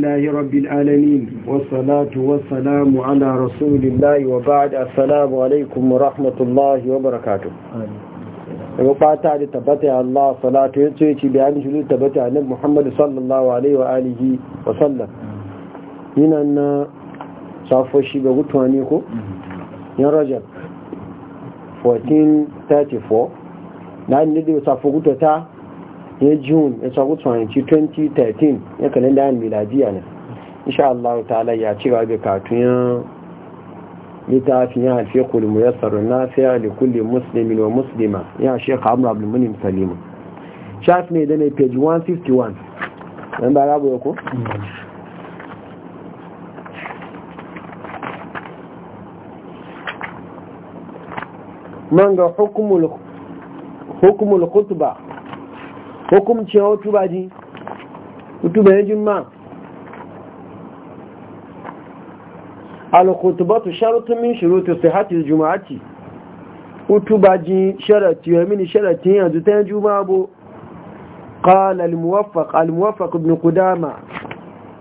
Na'urina ya yi rabbin alami wasu salatu wasu salamu ana rasulillah wa ba da salamu alaikum wa rahmatulah wa Da bakwai ta hada Allah salatu yanzu ya ce bayanin shi ne ta tabbatar a nan Muhammadu Sallallahu alaihi wa'azi wa sallam. Yinan na safo shi ba mutuwaneku? yan rajar fourteen thirty four lani na zubewar safo mutuwa ne june ya sa sabu tsanci 2013 ya kalenda yan miladiya ne insha Allah ta'ala ya ci gaba katun ya littafin ya alfiya kulmu ya tsaro na fiya da kulle musulmi wa musulma ya shekha abu abulmunim salimu shafi ne da na page 151 ɗan ba rabu ya ko? man ga hukumul khutba hukumcin hutu ba ji hutu bayan jimma alkhutubatu sharatun min shurutu sihhatil jumu'ati hutu ba ji sharati ya mini sharati yanzu ta juma'a bo qala al muwaffaq al muwaffaq ibn qudama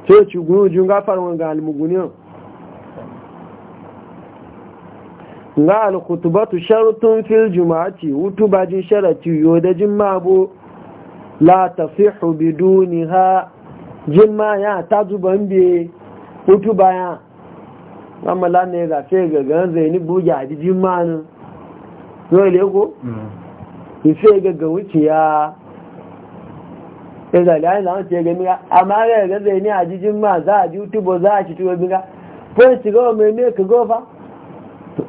sai ci gunu jun gafar wanga al muguniyo nga al khutubatu sharatun fil jumu'ati hutu ba ji sharati yo da jimma bo la tasihu biduniha jimma ya tajuban be hutu baya amma la ne ga fe ga zai ni buja ji jimma ne ile ko ife ga ga wuciya ya zali an zama ce ga miga amma ga zai ni a jijin ma za a ji bo za a ci tubo miga ko shiga wa mai me ka gofa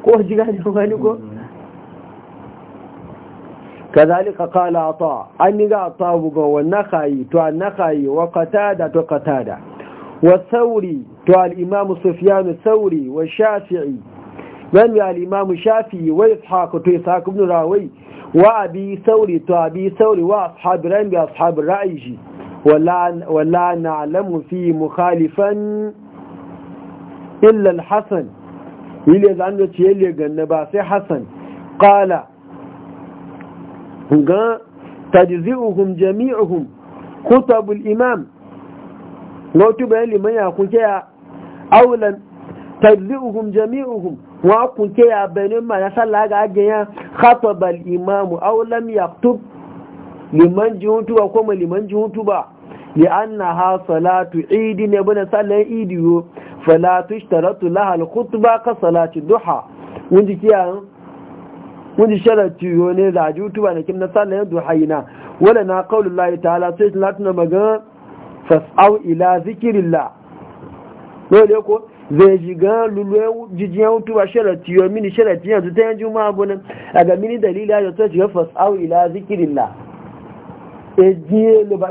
ko shiga ne ni ko kazalika kala ta an ni ga ta buga wanna kayi to anna kayi wa qatada to qatada wa sauri to al imam sufyan sauri wa shafi'i man ya al imam shafi'i wa ishaq to ishaq ibn rawi wa abi sauri to abi sauri wa ashab ran bi ashab ra'iji wala wala na'lamu fi mukhalifan illa al hasan ile zan ga ce ile ganna ba sai hasan qala ga tajzi'uhum jami'uhum kutabul imam ngotu bayan liman ya kunke ya aulan tajzi'uhum jami'uhum wa kunke ya bayanin ma ya salla ga ya khatabal imam aw lam yaktub liman jihutu ba kuma liman jihutu ba li ha salatu idi ne bana sallan idi yo salatu tushtaratu laha al khutba ka salati duha wanda kiyan shara tiyo ne da utuba na kim na sallayen hayina wala na qaulul ta hala, sai suna tuna magana fas'au ila zikrillah dole ko zai gan lulwe jijiya hutu shara sharati tiyo mini tiyo yanzu ta yanzu ma abunan daga mini dalila da ta jiya fas'au ila la e jiye lo ba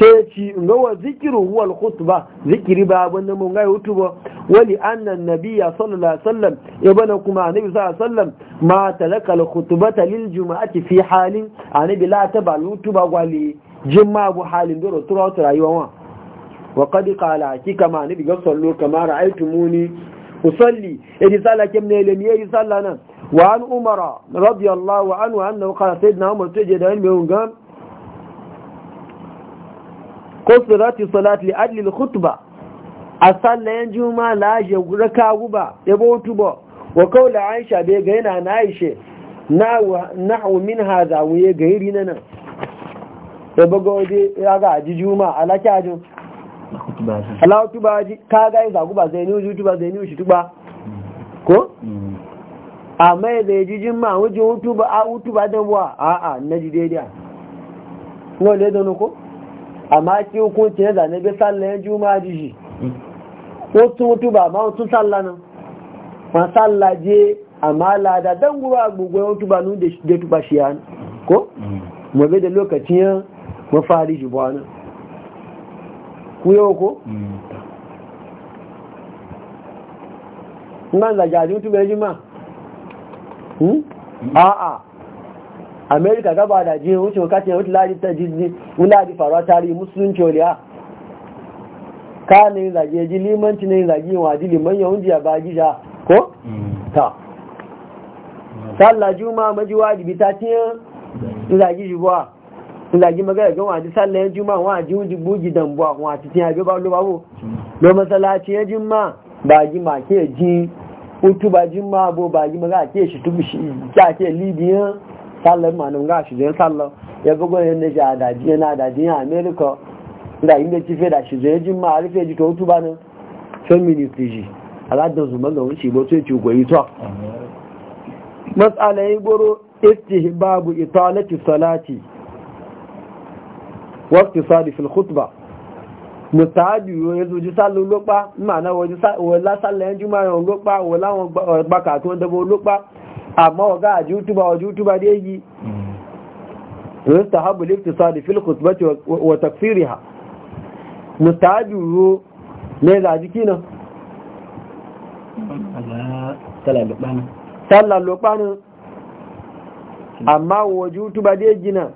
sai ci ga wa zikiru huwa al-khutba zikiri ba abin da mun ga hutu ba Wani annan nabiyya sallallahu alaihi wasallam ya bana kuma annabi sallallahu alaihi wasallam ma talaka al-khutbata lil jumu'ati fi halin annabi la ta ba hutu ba gwali jimma bu halin da tura rayuwa wa wa qad qala hakika ma annabi ga sallu kama ra'aytumuni usalli idi salakem ne le miyi sallana wa an umara radiyallahu anhu annahu qala sayyidina umar tuje da ilmi ungam kusurati salati li adli khutba a sallayen juma la ya raka guba ya bautu ba wa kaula aisha bai ga yana na aishe nahu min hadha wa ya gairi na nan ya baga waje ya ga aji ala alaki ajin alawa tuba ji ka ga za guba zai ni uju tuba zai ni ushi tuba ko mm. amma ya zai ji jima wajen wutu ba a hutu ba dan wa a'a na ji daidai ne wale da ko amma ki hukunci na zane bai sallayen juma'a jiji wasu mutu ba ma wasu salla nan ma salla je amma lada don guba agbogbo wasu ba nun da tuba shi ya ko mu bai da lokacin ya mafari shi ba nan ku yau ko nan da jajin tuba ya jima a'a america gaba da je wuce wakacin wata ta faruwa tarihi musulunci ka ne zage ji limanci ne zage wa ko? Mm. ta sallah juma maji wajibi ta zage ji buwa zage magana sallah juma buji dan buwa ba lo babu lo masalaci ya jima ma ke ji utu ba jima bo magana ke shi shi ke libiyan sallar ma nan ga shi zai ya ga gwanin da shi a daji yana daji a america da inda ci fe da shi zai jin ma a rufe ji ta hutu wuce goro tó amma wa ga jutuba wa jutuba da yi mm. yustahabu al-iktisad fi al-khutbati wa takfirha mustahabu ne da jiki nan sallar lokpanin amma wa jutuba da yi nan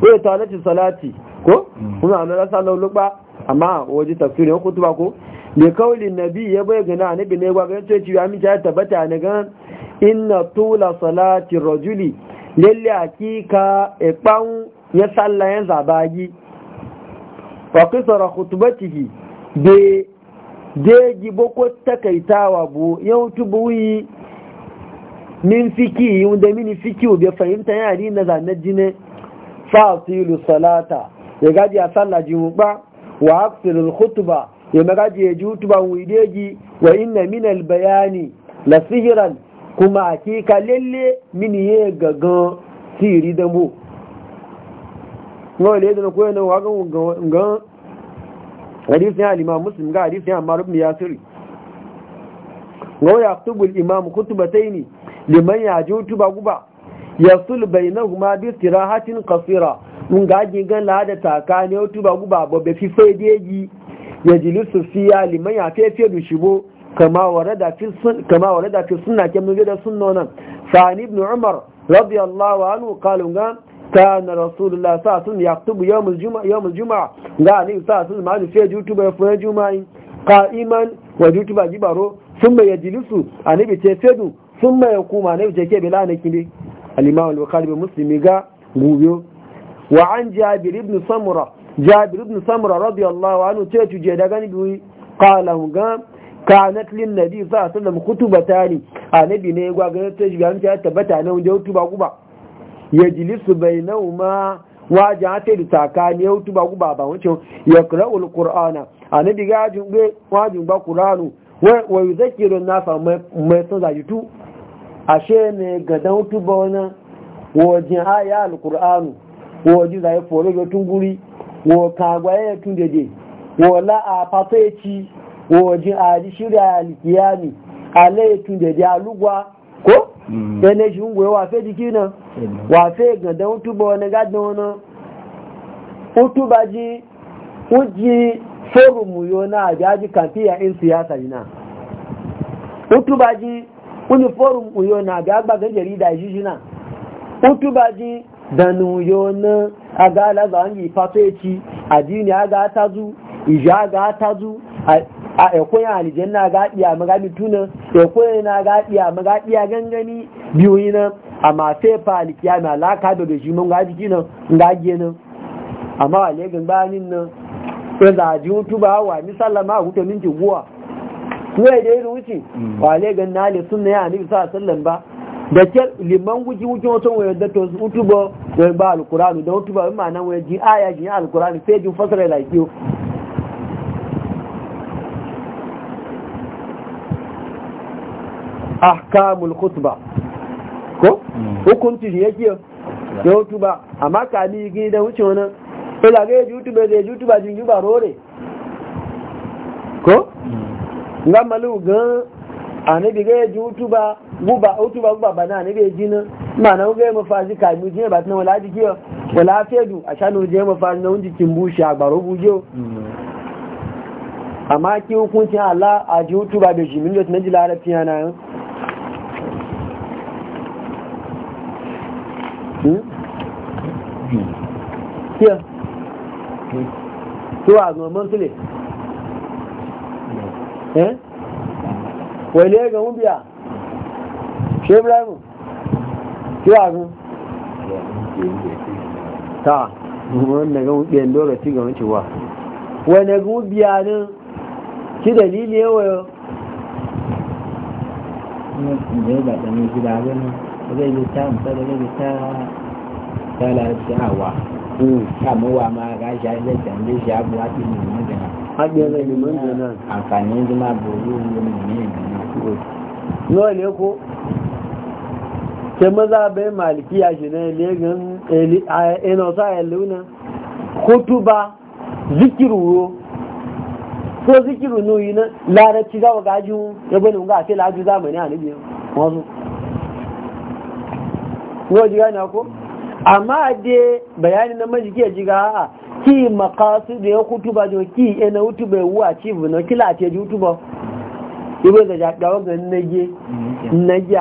ko mm. talati salati ko mm. kuma na sallar lokpa amma waje tafsiri ko kutuba ko da kawulin nabi ya bai gana nabi ne gwa ga sai ya mi ta tabbata ne gan inna tula salati rajuli lalle hakika ikpan ya salla ya zabagi wa qisara khutbatihi de jeji boko takaitawa bu yau tubuyi min fiki yun da min fiki fahimta ya ri na zanar jine fasilu salata ya gaji a salla jimu wa aksirul khutba ya magaji ya ji wa inna min albayani la sihiran kuma ka lalle mini ye gagan tiri dambo wọ́n le dana kó na, wa gan gan hadisin alima muslim ga hadisin amma rubin ya siri wọ́n ya tubul imam kutubatai ne liman ya ji tuba guba ya sul bai na kuma bi tirahatin kasira mun gaji gan lada taka ne tuba guba babbe fi fai deji ya jilisu fiya liman ya fefe da shibo كما ورد في السنة كما ورد في السنة كما ورد سنة فعن ابن عمر رضي الله عنه قال كان رسول الله صلى الله عليه وسلم يكتب يوم الجمعة يوم الجمعة قال صلى الله عليه وسلم قال في جوتب في جمعة قائما وجوتب جبره ثم يجلس عن ابي تفدو ثم يقوم عن ابي تكي بلا نكبي الإمام البخاري ومسلم قال غويو وعن جابر بن سمرة جابر بن سمرة رضي الله عنه تيتو جدغان بي قال قام kanat lin nabi sallallahu alaihi wasallam a nabi ne gwa ga ta shi an ta tabbata ne wanda hutuba guba yajlisu bainahuma wa ja'ata da takani hutuba guba ba wace yaqra'ul qur'ana nabi ga jinge wajin ba qur'anu wa yuzakkiru nasa mai son tu? ashe ne ga dan hutuba wana wajin aya alqur'anu wajin zai fore ga tunguri wo kagwaye tun dede wo la a fataici wajen aji shirya alkiyami alaikun da dialugwa ko yana shi ngwe wafe jiki nan wafe ganda utuba wani gadon wani utuba ji uji forumu yona a jaji kafiya in siyasa yana utuba ji uni forumu na a gagbagan jarida shi shi nan utuba ji danu yona a ga alaza an yi fato ya ci a dini a ga ta zu ija ga ta zu a ekwe aljanna ga iya magami tuna ekwe na ga iya magadi ya gangani biyu nan, amma sai fa alkiyama alaka da shi mun ga jiki nan ga giye nan amma ale ganganin nan sai da ji hutu ba wa ni sallama hutu minti guwa kuwa da irin mm. wuce ba ale gan na le sunna ya annabi sa alaihi wasallam ba da ke liman guji wuce wata wayar da to hutu ba wai ba alkurani da hutu ba ma nan wayar ji aya ji alkurani sai ji fasara da kiyo ahkamul khutba ko hmm. hukunci shi yake ya hutu ba amma ka ni gini da wuce wani ila ga yaji hutu bai zai hutu ba jin ba rore ko hmm. nga malu ga anabi ga yaji hutu ba guba hutu ba guba bana anabi ya jina ma'ana ga mu fazi ka mu jina ba tana wala jikiyo hmm. wala fedu a shanu je mu fazi na wunji kin bushi a baro bujo amma ki hukuncin Allah a ji hutu ba da jimin da tunan ji larabciya na yau kíyà tí wà gan mọ́ntìlẹ̀ wẹ̀lẹ̀ ẹgbẹ̀ ń bí à ṣe ibrahim tí wà gan ta wọ́n na gan ɗẹ̀ lọ́rọ̀ tí gan cewa wẹ̀lẹ̀ gan bí à kí ne gida ganin zai yi ta misali zai yi ta talashawa kamuwa hmm, ma ga shi zai tambaye shi abu haɗi ne magana haɗi zai ne magana amfanin zuma buru ne ne ne yau ne ko ke maza bai maliki a shi ne legan enosa eh, eh, ya eh, luna kutuba zikiru ko zikiru nuyi na larabci za wa gajin ko ji gane ko amma dai bayani na majiki ya jiga a ki makasu da ya ba da ki yana hutu bai wuwa ci bu na kila ce ji ba ibe da jadawa ga nage nage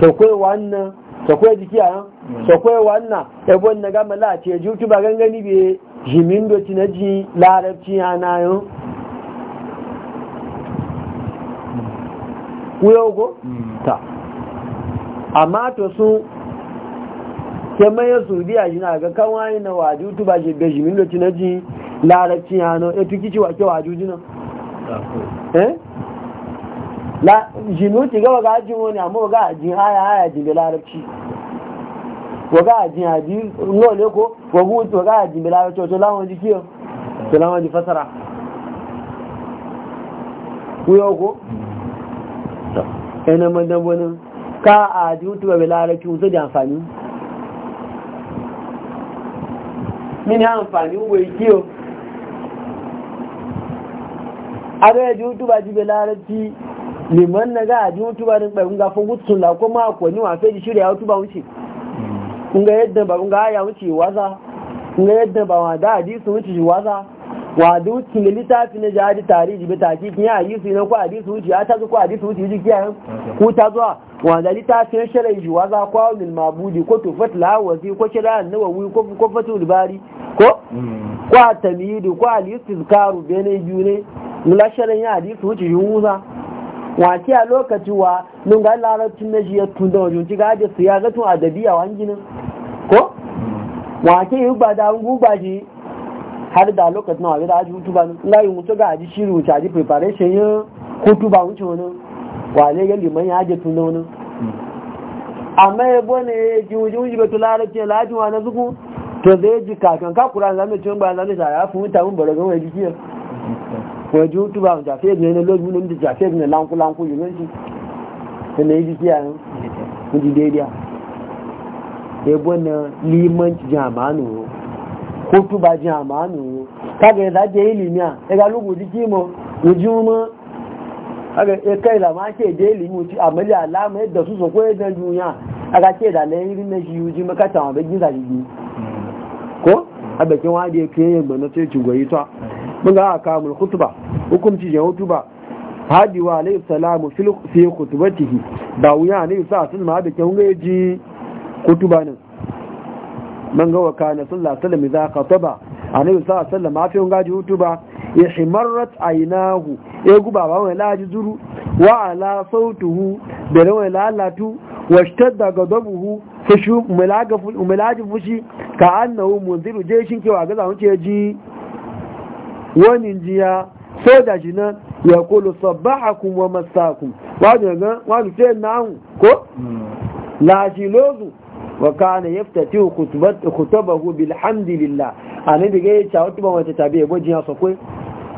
sakwai wannan sakwai jiki a yan sakwai wannan ebo na gama la ce ji hutuba gangani be jimin doci na ji larabci yana yan wuyo ko mm. ta amma to sun kemgbe ya sudi a jina ga kawai na waju tu ba shi gashi min lokaci na ji larabci ya no e tukici wa ke waju jina eh la jinu ti ga ga ji woni amma ga ji haya haya ji da larabci wa ga ji hadi no le ko wa gu wa ga ji da larabci to lawon ji kiyo to lawon ji fasara ku yo ko ena man dan ka a ji tu ba larabci so da amfani mini àǹfààní ń wo ìdí o ji útúbà ti bẹ láàárẹ̀ tí lèmọ́n na gáà di útúbà ní pẹ̀lú ga fún gúúsùn làkó máa kò níwà fẹ́ di ṣúrẹ̀ ga yadda ba ń ga áyà waza. yadda ba wa da di sun wadu kile littafi na jihadi tarihi bi takikin ya hadisi na ku hadisi wuci ya ta ku hadisi wuci jiki yayin ku ta zuwa da littafi na shirai wa za ku hau mabudi ko to tufat lawazi ko kira shirai annawawi ko ko fatu libari ko mm. ko tamidi ko alistizkaru bene be ne mula shirai ya hadisi wuce yuza wace a lokaci wa nun ga larabcin na shi ya da wajen ci gaje su ya ga tun adabiya wanginin ko mm. wace yi ba da guba ji har da lokacin wa da aji hutu ba na yi mutu ga aji shiru wuce aji preparation yin hutu ba wuce wani wale ga liman ya aje tun wani amma ya bane ji wuce wuce ba tulara ce lajin wa na zuku to zai ji kakan ka kura zame cin ba zame sa ya fi wuta mun bara gama jikiya waje hutu ba wuce jafe ne na lobi mun da jafe ne lanku lanku yi nan ta na yi jikiya yin kuji daidai ya bane limanci jama'anu hutu ba jin amani wo kaga da je ilimi a daga lugu jiki mo uju mo kai da ma ke je ilimi ti amali alama yadda su so ko da duniya aga ce da ko hukunci je hutuba hadi wa alayhi da wuya ne sa sun ma kutuba nan man ga waka na sallallahu alaihi wasallam idza qataba annabi sallallahu alaihi wasallam afi unga ji hutuba ya himarrat aynahu ya guba ba wani laji zuru wa ala sautuhu da rawa lalatu wa shtadda gadabuhu fashu mulaga mulaji fushi ka annahu munziru jeshin kewa ga zamu ce ji wani jiya soja shi nan ya kolo sabahakum wa masakum wani ga wani ce na ko la shi wa kana yaftati khutbat khutabahu bilhamdillah annabi ga ya tawo tuba wata tabiya gojin ya sokoi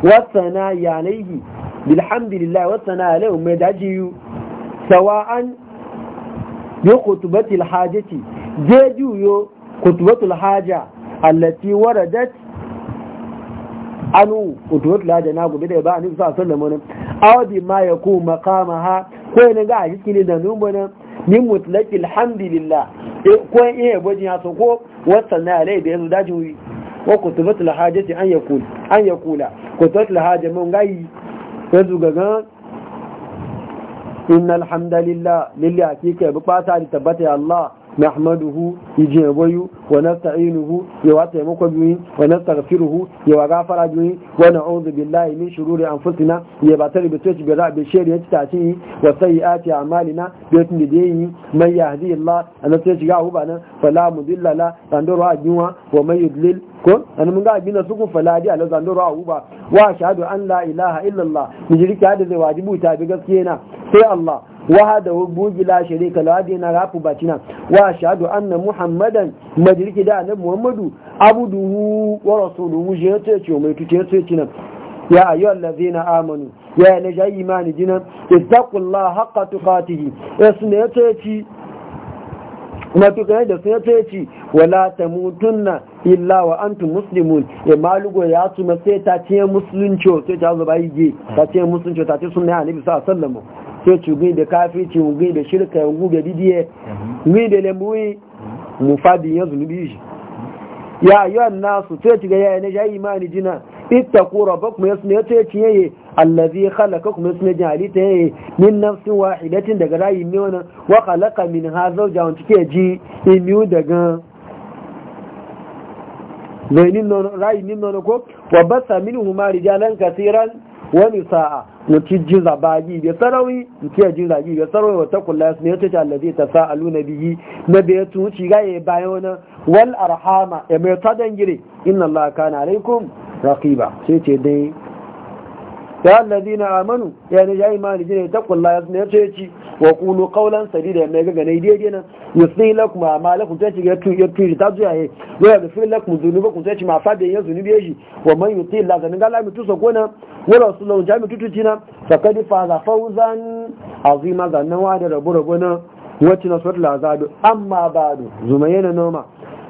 wa sana ya alayhi bilhamdillah wa sana alayhi mai daji sawa'an yo khutbatil hajati je juyo khutbatul haja allati waradat anu khutbatul haja na gobe da ba annabi sallallahu alaihi wasallam aw bi ma yakum maqamaha ko ne ga a cikin da numbanan ni mutlaki alhamdulillah eh, ko in iya bajin ya ko wata na alai da yanzu dajin wi wa kutubat alhajati an yakul an yakula kutubat alhaja mun gayi yanzu gaga innal alhamdulillah. lillahi hakika bi fata da tabbata ya Allah nahmaduhu ije boyu wa nasta'inuhu ya wa taimako biyu wa nastaghfiruhu ya wa gafara biyu wa na'udhu billahi min shururi anfusina ya ba tare bitu bi rabi shari ya tace wa sayyiati a'malina bi tun da yi man yahdihillah an sai shiga huba nan fala mudilla la tandoro ajinwa wa man yudlil ko an mun ga abin su ku fala di ala zandoro huba wa shahadu an la ilaha illallah mijirki hada zai wajibu ta bi gaskiya na sai Allah وحده بوج لا شريك له هذه نغاف باتنا وأشهد أن محمدا مدرك دا نب محمد عبده ورسوله جيتك وميتك يا أيها الذين آمنوا يا نجا إيمان جنا اتقوا الله حق تقاته اسنيتك matukan da sun ce ci wala tamutunna illa wa antum muslimun ya malugo ya tuma sai ta ce musulunci sai ta zuba yi ta ce musulunci ta ce sunna annabi sallallahu alaihi wasallam sai ci gwi da kafi ci da shirka ya gwi da didiye gwi da lembuwi mu fadi ya zunubi shi ya yi an nasu sai ci gaya yana shayi imani jina ita kura ba kuma ya suna ya ci yaye allazi khalaqa kuma ya suna jin halitta yaye min nafsin wahidatin daga rayu ne wani wa khalaqa min ha zawja jawon cike ji imiyu daga zainin nono rayi nin nono ko wa basa humari jalan kaseeran wani sa'a mutu jiza bagi da sarawi mutu ya jiza gi da sarawi wata kula su ne ta ce allazi ta sa alu na biyi na bai ya tuci ga ya bayan wani wal arhama ya mai ta dangire inna allaha kana alaikum raqiba sai ce dai ya allazina amanu ya ne ya imani ta taqulla ya suna ne ce ci wa qulu qawlan sadida mai ga yi daidai na? Ya suna nan yusni ma amalakum ta ci ga tu ya tu ta zuya he wa ya fi lakum kun ta ci ma fadin ya zunubi shi wa man yi la ga ngala mi tuso gona wa rasulullah jami tutu tina faqad faza fawzan azima ga nan wa da rabu rabu nan wacce na suratul azab amma ba ba'du zumayna noma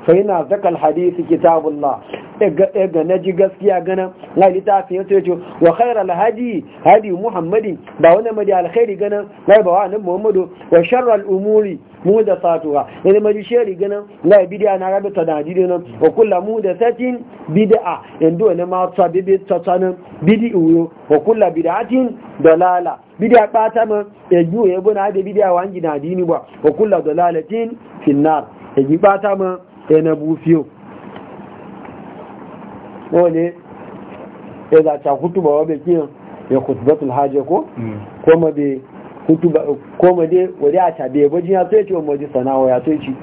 fahina zakal hadisi kitabullah e ga e na ji gaskiya gana na fiye su ce wa khair alhadi hadi muhammadi ba wani madi alkhairi gana na ba wa muhammadu wa sharar umuri mu da satuwa yadda maji shari gana na bid'a na rabita ta da nan wa kula mu da satin bidiya yadda wani mata bibi ta sanin bid'u wa kullu bid'atin dalala bidiya bata ma e ya yi yi buna da bidiya wa an gina dini ba wa da lalatin finnar ya ji bata ma na bufiyo wale ya zaca ba wabe kiyo ya kutubatul hajji ko mm. koma bai hutuba kuma dai wadda a tabi ya bajin ya so ya ce wani waje sanawa ya so ya ci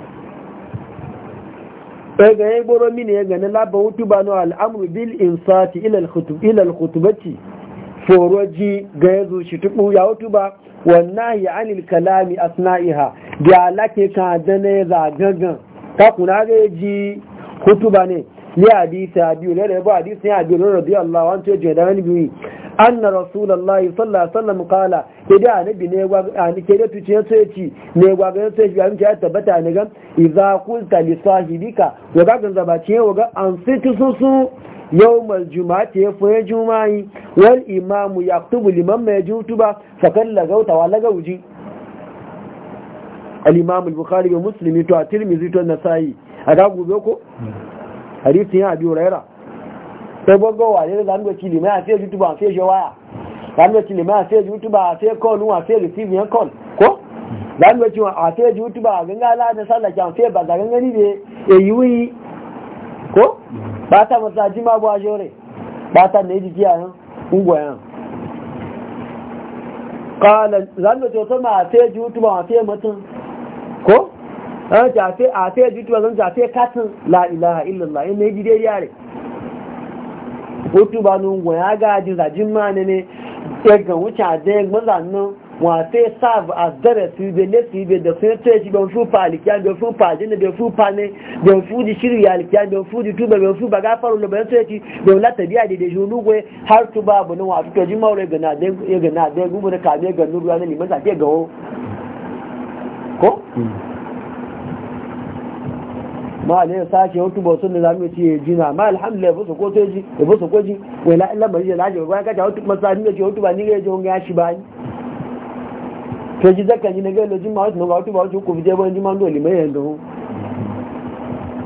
ga ya goro mini ya gani laba ba na al'amur bil insati ilal hutubati foroji ga ya zo shi tuɓu ya ba wannan ya anil kalami asna'iha da alake kan adana ya zagagan kakuna ga ji hutuba ne ni hadisi abiyu ne da yabo hadisi ne abiyu ne radiyallahu an ce jeda wani biyu anna rasulullahi sallallahu alaihi wasallam qala kede anabi ne gwa ani kede tuce yaso yaci ne gwa yanzu ya ci, amince ya tabbata ne ga idza qulta li sahibika wa ga ganza ba ce wa ga an situ susu yawmal juma'ati ya fa juma'i wal imamu yaktubu liman mai ma yajutuba fakalla gauta wa lagauji al-imam al musulmi to at-tirmidhi to an A aga gobe ko hadisi ya abi raira. sai gogo ne zan go kili mai sai youtube sai zan go kili mai sai youtube a sai call wa sai ko zan go cewa a sai youtube a ganga la da sallah a sai ba ni ne e yi yuyi ko ba ta masaji ma ba jore ba ta ne jiya yan ungoyan kala zan da cewa ma sai ji ko jafe eh, a fe jituwa zan jafe katin la ilaha illallah yana yi gidai yare hutu ba nun goya gajin rajin mani ne ga wuce a jayin mazanin wafe serve as dare su ibe ne su ibe da sun tsaye shi ban fufa alikiya ban fufa ajina ban fufa ne ban fuji shiri alikiya ban fuji tuba ban fuba gafaru da ban tsaye shi ban lata biya da dejo lugwe har tuba abu nan wato to jimaure gana da gana da gubu na kame ga nuru ya ne liman sa ke gawo ko ma mm. ne ya sace wato ba sun da zamu ce ya jina ma alhamdulillah ba su ko teji ba su koji wai la illa bari la jawo bayan kace wato masani ne ce wato ba ni ga jawo ya shi bani to ji zaka ni ne ga lojin ma wato ba wato ba wato ko bije ban jiman dole mai yando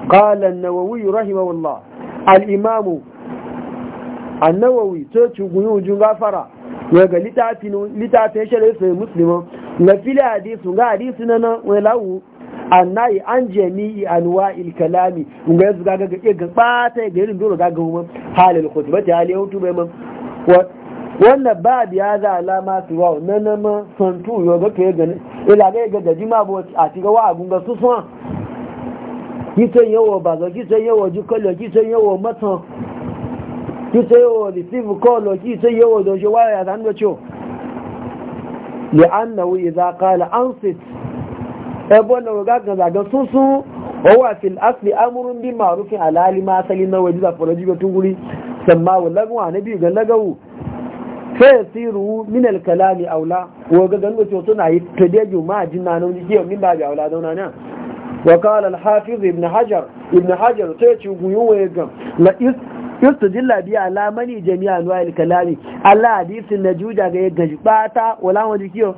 qala an-nawawi rahimahullah al-imam an-nawawi to ci guyu jun gafara ya ga litafin litafin shari'a muslimin na fili hadisu ga hadisu na nan walawu annayi an jami'i anwa ilkalami ga yanzu gaga ga ga bata ga irin dole gaga ba ta khutbati halil hutu bai man wannan ba biya za alama su wa na na ma son tu yo ga ke gani ila ga ga gaji ma bo a ti ga wa gun ga su son kitan yawo ba ga kitan yawo ji kallo kitan yawo matan kitan yawo receive call kitan yawo dojo waya dan da cho Ya'annan wuya zaƙa la Anset ya bonna wa ga zagan sunsun. Kowace asali amurin biyu marufin bi Salimah, Wajir, Afrojij, Batunkuri, Sammawar, Labuwa, Nabiyu, Galagawu, Fesiru, Minalka, Lami, Aula. Wa ga ganin wasu yau suna yi ta dejin ma a jinnan a wani giya? Min da a bi Aula a zauna ne? Wakarar Hafizu Ibn Hajar Ibn Hajar ta yaya cewa muyyar waya ga na iska. yustadilla bi ala mani jami'a anwa al kalami ala hadisin najuja ga yadda ji bata wala wani kiyo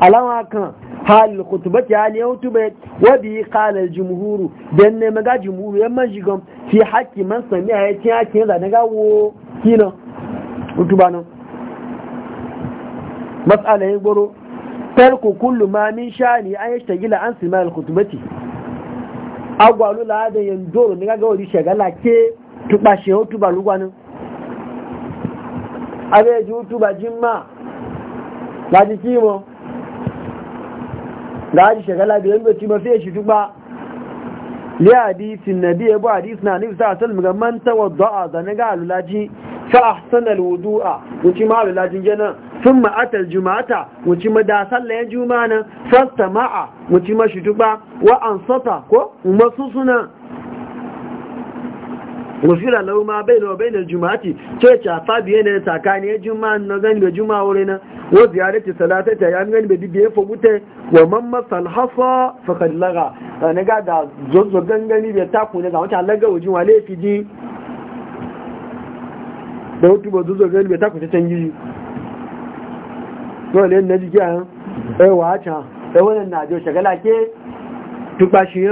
alama kan hal khutbati hal yutube wa bi qala al jumhur dan ne maga jumhur yan man jigam fi haqqi man sami'a ya tiya ke da daga wo kino utuba no mas'ala yin goro tarku kullu ma min shani an yashtagila an sima al khutbati agwalu la da yan doro ne ga wani shagala ke tuba shi tuba lugwanin abe ji tuba jimma ba ji kimo da haji shagala da yanzu ci mafi shi tuba ya hadisin e na biya bu hadis na nufi sa salmu ga manta wa da'a da na ga alulaji fa ahsana alwudu'a wuci ma alulajin jana sun ma'atar jumata wuci ma da sallayen juma'a nan fasta ma'a wuci ma shi tuba wa ansata ko masu suna gufira lau ma bai da bai da juma'ati ce ca fa biye ne tsakani juma'a na gani ga juma'a wuri na wa ziyarati salata ta ya gani da biye fa gute wa man masal hafa fa kad laga ne ga da zozo gangani bai ta ku ne wata laga wajin wale fi ji da wutu ba zozo gangani bai ta kusa can canji dole ne na ji ga eh wa ta eh wannan na jo shagala ke tuba shi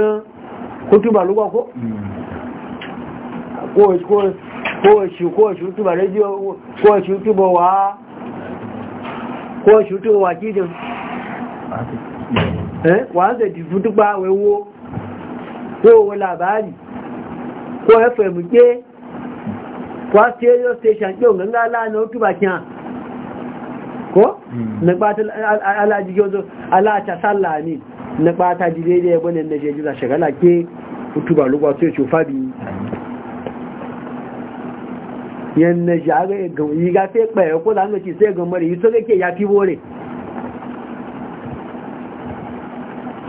kutuba lugwa ko mm. kowace hutuba radio kowace hutuba wa kowace hutuba wa kidin eh, wa da hutuba wewo labari ko ya fahimke kwa stereo station kyau ganga lana hutuba kyan ko? Hmm. na ɓata alaji gyozo alata sallah ne na ɓata jide da ne bane shagala ke hutuba lugwa sai cufa yanna shi aga yi ga sai kpaya ko da ci sai ga mara yi so ga ke ya fi bore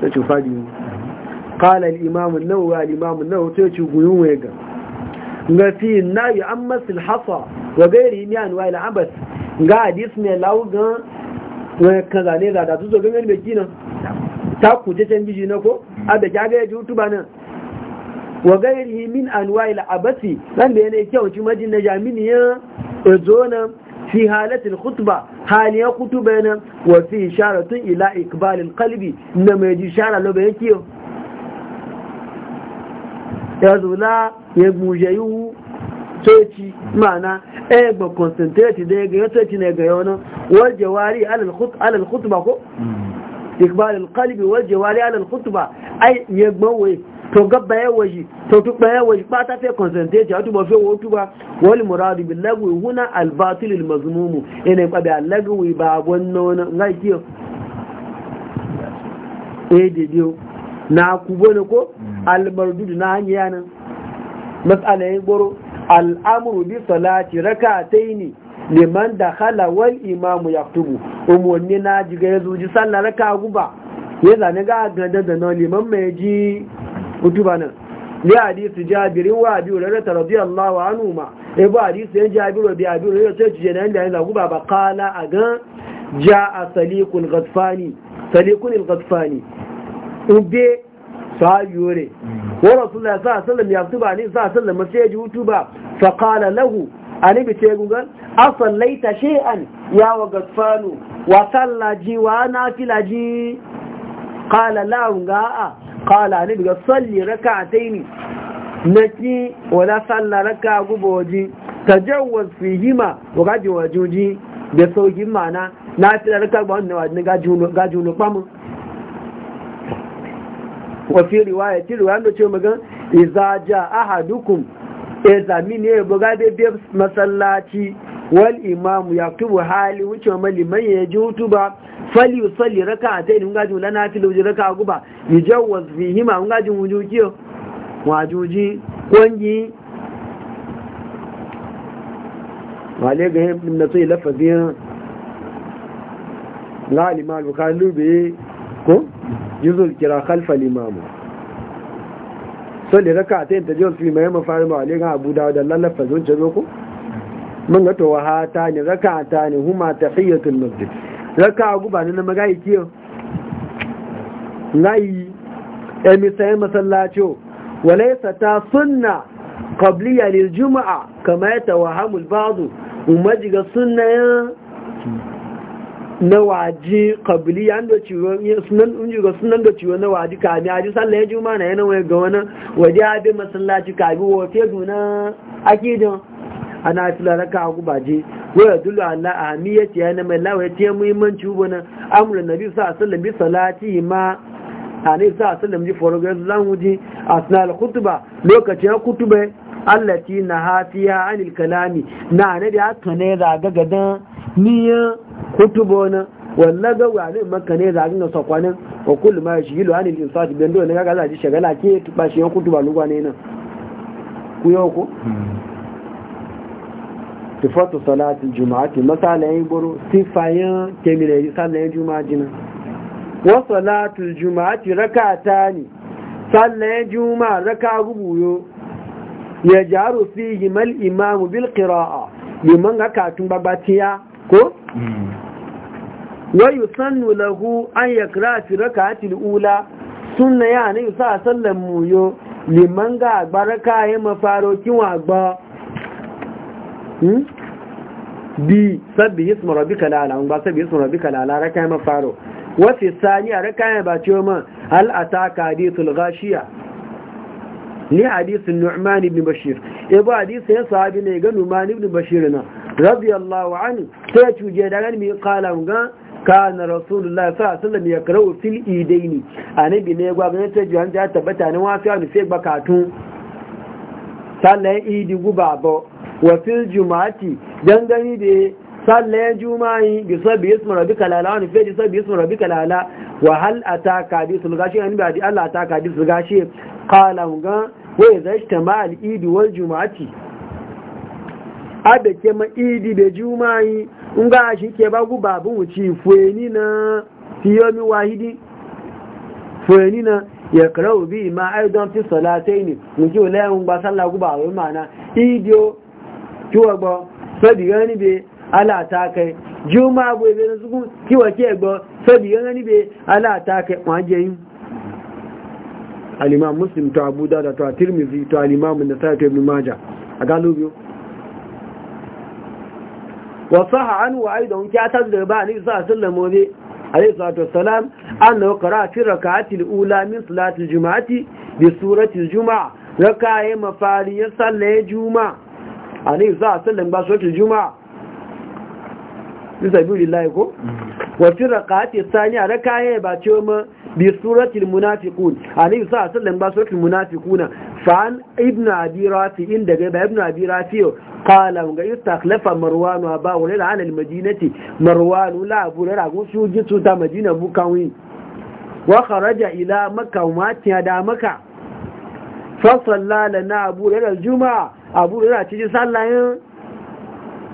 sai ci fadi yi kala al'imamun an wa al'imamun imam an sai ci guyun waye ga ga fi yi an sil hasa wa gairi ni an wa'il abas ga hadis mai lau ga wani kaza ne da da tuzo ga mai kina ta ku ce can biji na ko a da kaga ya ji ba nan wa gairihi min anwa'i abasi nan da yana kyau ci majin na jaminiya zona fi halatin khutba ya kutuba nan wa fi isharatun ila ikbalin kalbi, na mai ji shara lo bayan kiyo ya zula ya bujayu coci mana egba eh, concentrate da ya gaya coci na gaya wal jawari alal khutba ko mm. ikbalin wal jawari alal khutba ai ya gbanwe to gaba ya waje to tuba ya waje ba ta fi concentrate ya tuba fi wotu ba wali muradu bi lagwi huna al batil mazmum ina ba da lagwi ba wannan ngai kiyo eh didio na kubone ko hmm. al mardud na hanya nan mas'ala yin goro al amru bi salati rak'ataini liman dakhala wal imam yaktubu umwanni na jiga yazo ji sallar raka guba ya zane ga gadan da liman mai ji Kutubana nan li hadisi jabirin wa abi hurairah radiyallahu anhu ma e bu hadisi yan jabiru bi abi hurairah sai ci jenan da yanzu ba ba qala aga jaa saliqul ghadfani saliqul ghadfani ube sayure wa rasulullah sallallahu alaihi wasallam ya tuba ne sallallahu alaihi wasallam sai ya ji kutuba fa qala lahu anibi ce gugan asallaita shay'an ya wa ghadfanu wa sallaji wa nafilaji qala la nga a kala ne daga salli raka a taini na ki wala salla raka guboji, waje ta jawaz fi hima wa gajin wajoji da sauki mana na fi raka ba wanda wajen gajin wani kwamun wafi riwaya ci riwaya da ce magan iza ja ahadukum ezami ne ya buga bebe masallaci wal imam ya tubu hali wuce mali man ya ji hutu ba fali usalli raka a taini ngajin wula na fi lauji raka guba yi jawaz fi hima ngajin wuju kiyo wajuji kwangi wale ga yin na sai lafazin galima lukalube ko jizul kira khalfa limamu salli raka a taini tajiyar fi ma mafarin ba wale ga abu dawo da lallafazin ce zo ko mun ga to ta ne raka'ata ne huma tahiyatul masjid raka guba ne na magayi kiyo nayi emi sai masallacho walaysa ta sunna qabliya lil jumaa kama yatawahamul ba'd ga sunna na waji qabliya ya ndo ciwo sunan umji ga sunan da ciwo na waji ka ni aji sallah juma'a na yana waya ga wani waje abi masallaci ka bi wofe duna akidan ana fila raka a gubaje waya dulu ala a hamiyyaci ya nama lawa ya tiye muhimmanci ubunan amurin nabi sa asalin bi salati ma a ne sa asalin ji forogar lanwuji a sinal kutuba lokacin kutuba allati na hafiya anil kalami na ne da haka ne raga gadan niyan kutubo na wallah ga wani maka ne zaga na sakwanin wa kullu ma yashghilu anil insati bin dole ne ga za ji shagala ke tuba shi kutuba lugwane nan ku yau ku hmm. sifatu salati juma'ati masalayin buru sifayen kemilari sallayin juma'a jina wa salatu juma'ati rakata ne sallayin juma'a raka gubuyo ya jaru fi himal imamu bil qira'a liman tun babatiya ko Wai sannu lahu an yakra fi rak'ati al-ula sunna ya ne sa sallan muyo liman ga baraka ya mafaro kin wa gba Hmm? bi sabbi ismu rabbika la'ala ba sabbi ismu rabbika la'ala raka ma faro wa fi sani raka ma ba ciwo ma hal ataka hadithul ghashiya ni hadithun nu'man ibn bashir e ba hadisi ya sahabi ne ga nu'man ibn bashir na radiyallahu anhu sai tuje da ran mi qala ga kana rasulullahi sallallahu alaihi wasallam yakra'u fil idaini annabi ne gwa ga ta jihan ta tabbata ne wa sai ne sai sallan idi gubabo wa fil juma'ati gani da ya juma'i bi sabbi ismi rabbika lala wa fi sabbi ismi rabbika lala wa hal ataka bi sulgashi an bi Allah ataka bi sulgashi qala ga wa idza ijtama al idi wal juma'ati abe ke ma idi da juma'i nga shi ke ba gu babu wuci fueni na fiyomi wahidi fueni na ya karau bi ma aidan fi ne, mun ji wala un ba sallah gu ba wai mana idio kiwa gbọ́ sọ́dì yọ́ níbi aláàtàkẹ́ jíọ́mọ́ àbò ìbẹ̀rẹ̀ sukú kíwà kí ẹgbọ́ sọ́dì yọ́ níbi aláàtàkẹ́ wọ́n jẹ́ yìí alimam muslim abu dada alimam a wa an wa da ba ni sa sallallahu alaihi عليه الصلاة والسلام أنه قرأ في ركعة juma'a. a ne za a sallin ba sautin juma'a bisa biyu lillahi ko mm. wafi raka'ati saniya raka ya ba ce ma bi suratul munafiqun a ne za a sallan ba sautin munafiquna fa an ibnu abi inda daga ba ibnu abi rafi qala ga istakhlafa marwan wa ba wala ala al madinati marwan la abu ra go shuji ta madina bukawi wa kharaja ila makkah ma tiya da makkah fa sallala na abu da juma'a abu rira cikin sallayin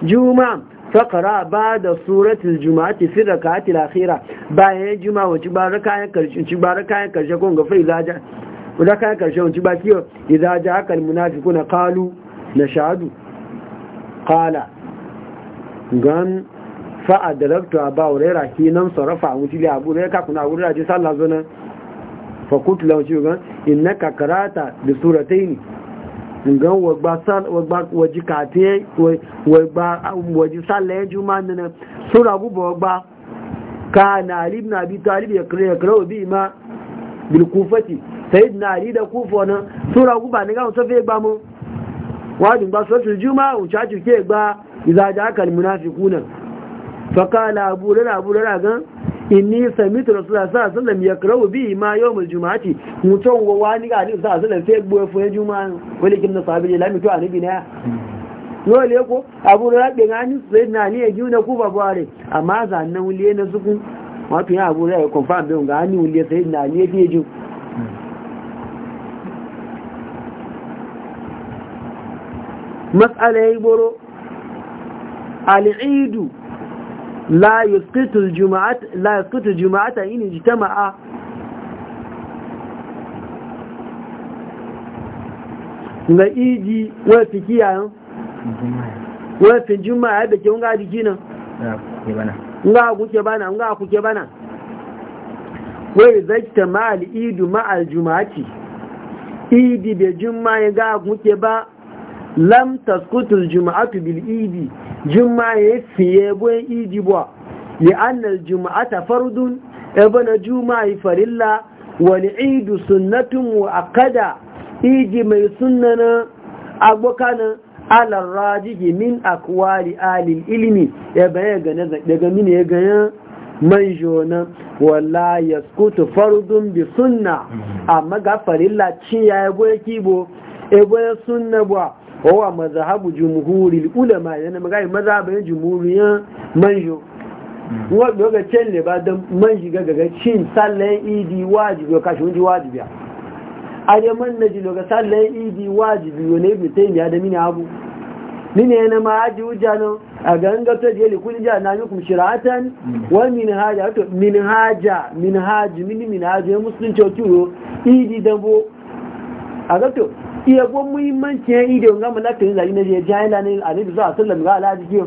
juma fakara ba da suratul ti fi da kati lafira bayan juma wace ba kayan karshe ci ba kayan karshe kun gafai fa idaja rakayan karshe wace ba kiyo idaja kuna kalu na shadu kala gan fa adraktu aba urayra kinan sarafa wuti li abu rayka kuna urayra ji sallah zona fa fakutu wuce gan in na kakarata da suratai ne ngan waji kate waji sallayen juma nana sura guba wagba ka na alib na bi talib ya kira ya kira obi ma bilkufati sai na ali da kufa wani sura guba ni gawon sofe gba mu wajen ba sosul juma wuce ke gba izaja kalmunafikuna fakala abu rana abu rana gan inni samitu rasulullah sallallahu alaihi wasallam yakrahu bi ma yawm aljum'ati mutum wa wani ga alaihi sallallahu alaihi wasallam sai gbo fun juma'a wani kin sahabi la mi to anabi na dole ko abu da rabbi gani sai na ni ji na ku ba bare amma zannan wuliye na suku wato ya abu da confirm bin gani wuliye sai na ni yaji ji mas'ala yi boro al'idu la yusqitul juma'ata la yusqitul juma'ata in ijtama'a ga iji wa fikiyan wa fi juma'a da ke nga jiki nan nga kuke bana nga kuke bana wa yuzakta ma'al idu ma'al juma'ati idi be juma'a ga kuke ba lam tasqutul juma'atu bil idi juma ya fiye gwen idi ba li annal juma'ata fardun ibn juma'i farilla wal idu sunnatun muakkada idi mai sunnana abokanan alar rajihi min akwali alil ilimi ya bayan gane daga mini ya gane man jona wala ya fardun bi sunna mm-hmm. amma ga farilla cin ya yabo ya kibo ebo sunna ba wawa mazhabu jumhuril ulama yana magana mazhabin jumhuriyan manjo Wa ga cin ne ba dan manji ga ga cin sallan idi wajibi ka shi wajibi a da man naji ga sallan idi wajibi ne bi tayi ya da mini abu mini yana ma aji wujano a ganga to je li kulli jana minkum shira'atan wa min haja min haja min haji min min haji musulunci to idi dan a ga to iya muhimmanci ya yi da yunga malakin zari na ne a zuwa sallam ga alhaji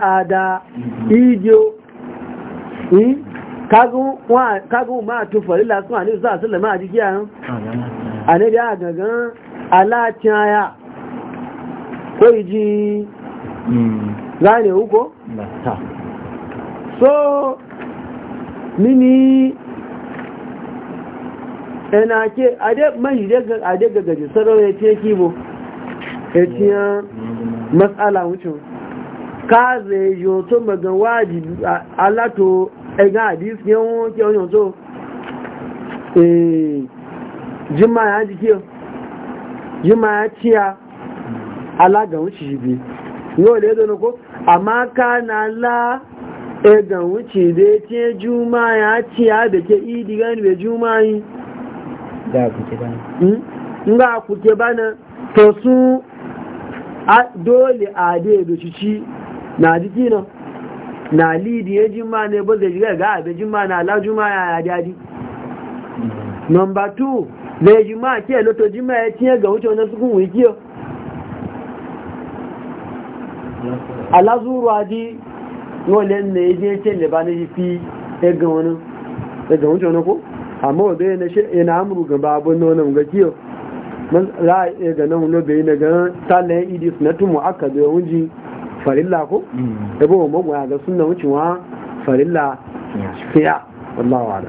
ada idiyo hmm? ma lasu a zuwa sallam a jiki yayin a nabi a gagan ya ko iji hmm. gane uko? so mini yana ke mai ade gaji sarau ya ce ya matsala wucin ka zai yi otu maga wajibi alato ẹgbẹ́ àdís ní wọ́n kí ọyàn tó jíma ya jí ya o jíma ya tí a alágàun ṣìṣìbí yóò lè dọ́nà kó àmáká na e wuce ẹgàun ṣìṣìbí tí jíma ya tí a bẹ̀kẹ́ ìdígá níbẹ̀ jíma Hmm? nga kuke bana to su dole a dai da ci na jiki na na lidi ya jima ne ba zai jiga ga abin jima na ala jima ya yadi hmm. number 2 zai jima ke loto jima ya tiye ga wuce wani sukun wikiyo alazuru adi wọle ne ya je ce ne ba na ji fi ya e ga wani ya e ga wuce wani ko amma wadda yana shi ina amuru ga babu nuna ga kiyo man za a iya ganin wani bai na ganin talayen idis na tumu aka zai wunji farilla ko da mm. bawa magwaya ga suna wa farilla fiya wallahu ala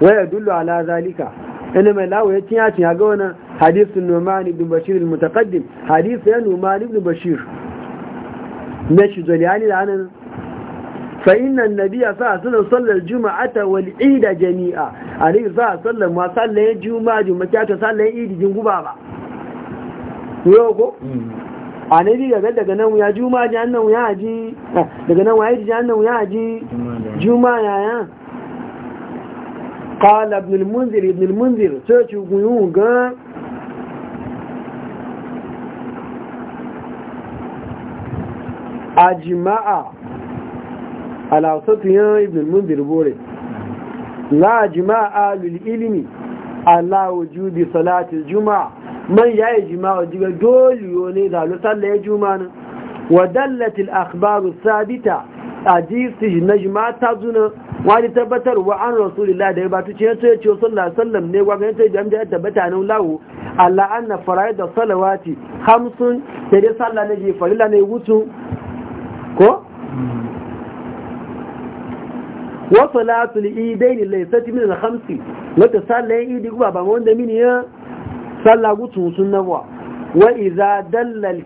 waya dullu ala zalika ina mai lawo ya tinya tinya ga wani hadisun numan ibn bashir al-mutaqaddim hadisun ya numan ibn bashir na shi zoliyani da anan Ba النبي صلى الله عليه وسلم صلى الجمعة والعيد جميعا عليه صلى الله عليه وسلم ما صلى الجمعة جمعة صلى العيد جنقبابا ويوكو a na biyu daga daga nan ya juma ji annan ya ji nan waye ji annan ya ji juma ya ya qala ibn sai ci guyu ga alhassatu yan ibn mundir bore la jima'a lil'ilimi allahu judi salatin juma'a man ya yi jima'a jiga dole yone da lusar da ya juma nan wadallatil akhbaru sabita a na jima'a ta zuna wani tabbatar wa an rasulullah da ya batu ce ya ce sallallahu sallam ne wa ganin sai jami'a ta tabbata nan lawo na fara'ai da salawati hamsin da dai sallah na jefa lila ne wutu ko wa salatul idaini laysat min al-khamsi wata sallan idi ba ba wanda mini ya sallah gutun sunna wa wa idza dalla al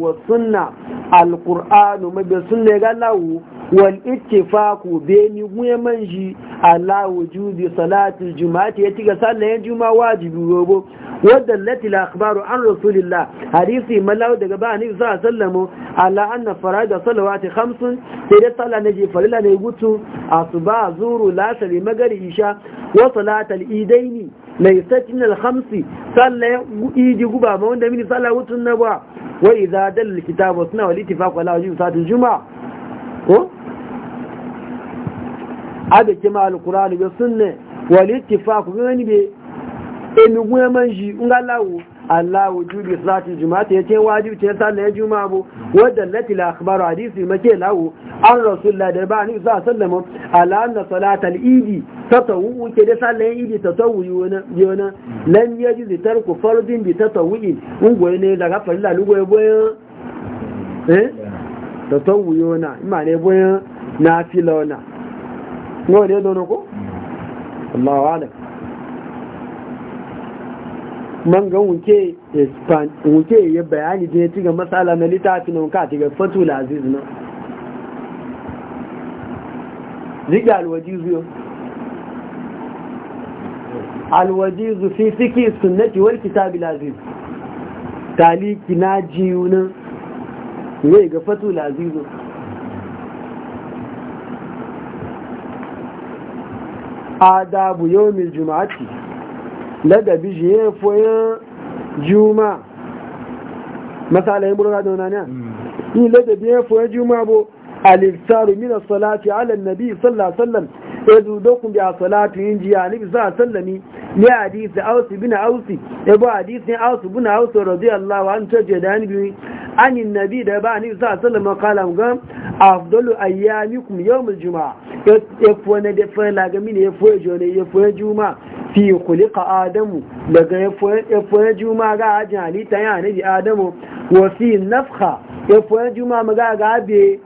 wa sunna al-qur'an ma bi sunna ga lawu wal ittifaqu bayni mu'minji ala wujudi salati al-jum'ati ya ga sallan juma'a wajibi robo wadda lati labaru an rasulillah hadisi malawi daga ba ni sa sallamu ala da salawa salawati hamsin sai da sallah ne farilla ne gutu asuba zuru la sali magari isha wa salat al idain laysat min al khamsi sallah idi guba ma wanda mini sallah gutu na ba wa idza dalal kitab wa sunna wal ittifaq wa la wajib juma ko abe kima al qur'an bi sunna wal ittifaq gani be elugun ẹmọ ṣi ń gáláwò aláwò júlù láti jùmọ́ tí ẹ tí wájú tí ẹ sálẹ̀ jùmọ́ àbò wadda lẹ́tìlẹ̀ àkàbàrọ̀ àdísì mẹ́kẹ́ láwò an rọ̀sùn lẹ́dẹ̀bá ku bi ne daga ya na filona ngwai ne ko Allahu man ga wuke wuke ya bayani da ya ci ga matsala na littafi na wuka ga da aziz na ziga alwajizu alwajizu fi fiki sunnati wal kitab aziz taliki na na wai ga Fatu da aziz adabu mil Juma'ati? ladabi shi ya foyan juma masala yin burga da wani mm. yi ladabi ya foyan juma bu Alisaru, mina salati ala nabi sallallahu sallam ya zudo kun biya salatu yin jiya nabi sallallahu sallami ya hadisi ausu bina ausu ya bu hadisi ausu bina ausu radiyallahu an taje da ni biyu an yi nabi da ba ni sallallahu sallama kala ga afdalu yau mai juma'a e, e ya fi na da fa la ne ya fi e jone ya juma'a fi kulika adamu daga yafuwar juma ga ajin halitta ya nabi adamu wa fi nafka yafuwar juma maga ga abe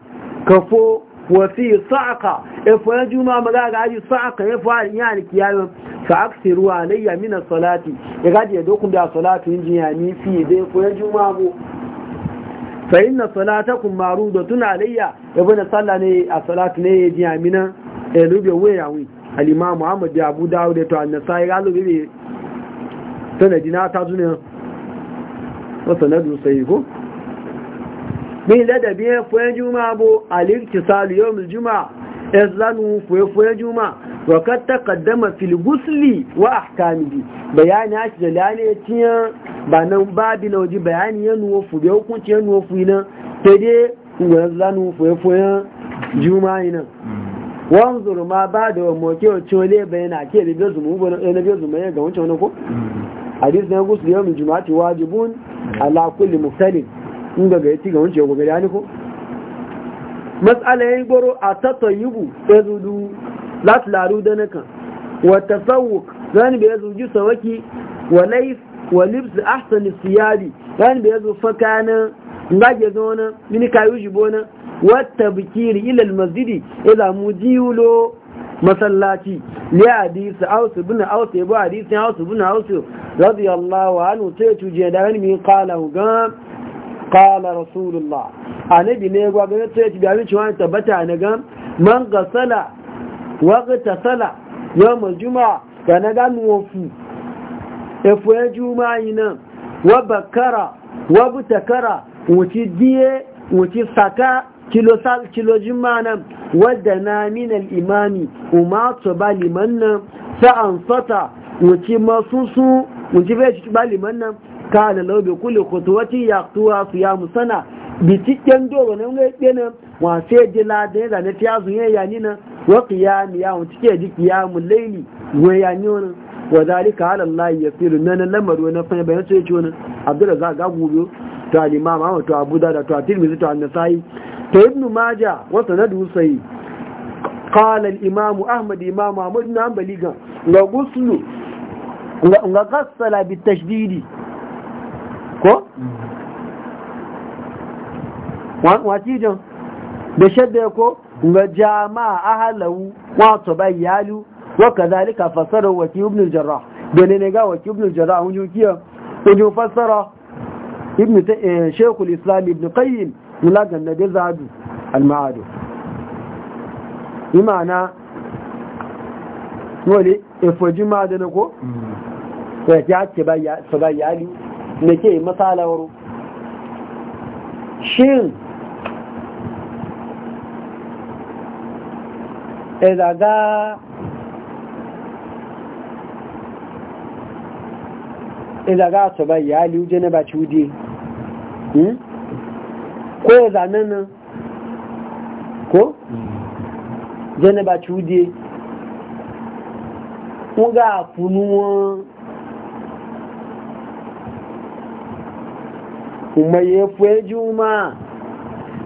kafo wa fi sa'aka yafuwar juma maga ga aji sa'aka ya yafuwar yana kiyayen fa'aksiru alayya mina salati ya gaji ya dokun da salatu yin jiyani fi zai yafuwar juma mu fa'in na kun maru da tun alayya ya bane sallah ne a salatu ne ya jiyamina ya lube wayawin al'imam muhammadu abu dawo da to annasa ya galo bebe sanadi na ta zuniya wasanadu sai ko min lada biyan fuyen juma bu alirtisalu yau mil juma ezanu fuyen juma wakar ta kaddama filgusli wa ahkamidi bayani ake da lane tiyan ba nan babi na waje bayani ya nuwa fu bai hukunci ya nuwa fu yi nan ta dai ngwazanu fuyen fuyen juma yi nan wanzur ma ba da wa moke wa cole bai na ke da zumu ba na biyo zumu ya ga wancan wani ko hadis na gusul yau min juma'ati wajibun ala kulli muftalin in ga gaiti ga wancan gobe da ni ko ya yayi goro a tatayyubu yazudu lat laru da nakan Wata tasawuk zani bai zuji sawaki wa laif wa libs ahsani siyabi zani bai zu fakana ngage zo na mini kayu na. wata bikiri ilal masjidi idan mu jiwulo masallaci li hadisi ausu bina ausu ya bi hadisin ausu bina ausu radiyallahu anhu sai tuje da wani min kala hugan kala rasulullah annabi ne gwa ga sai ci da ci wani tabbata na ga man gasala wa yau yawm juma da na ga nufu efu ya yi nan. wa bakara wa butakara wuce diye wuce saka kilo sal kilo jimana wadda na min al-imami umatu baliman nan an fata wuce masu su wuce bai shi baliman nan ka da laube kule kutuwati ya tuwa su ya musana bi cikin dogo na ngai dena wa sai dila da ya zane fiya zuye ya nina wa qiyam ya wuce ke ji qiyamul layli wa wa zalika ala Allah yasiru nan lamar na fa bayan sai ce wani Abdurrazzaq ga gobe to al-Imam Ahmad to Abu Dawud to Tirmidhi to An-Nasa'i to Ibn Majah wa sanadu sahih qala al-Imam Ahmad Imam Ahmad na ambali ga guslu nga gassala bi tashdidi ko wakijan da shadda ko nga jama'a ahalau wato bayyalu wọ́ka zaɗi ka fasara waki ibn al-jarrah bene ne ga waki ibn al-jarrah hun jokiya hun jo fasara ibn shekul islam ibn kayyil mulagan na bil zaɗu al-ma'adu imana wani ifoji ma'adu na ya ki hake na ke matsalawar shi ne ga iza ga su bai ya liyu jana hmm? ba ci ko ya zanen ko jana ba ci wude kun ga funuwan kuma ya fuye juma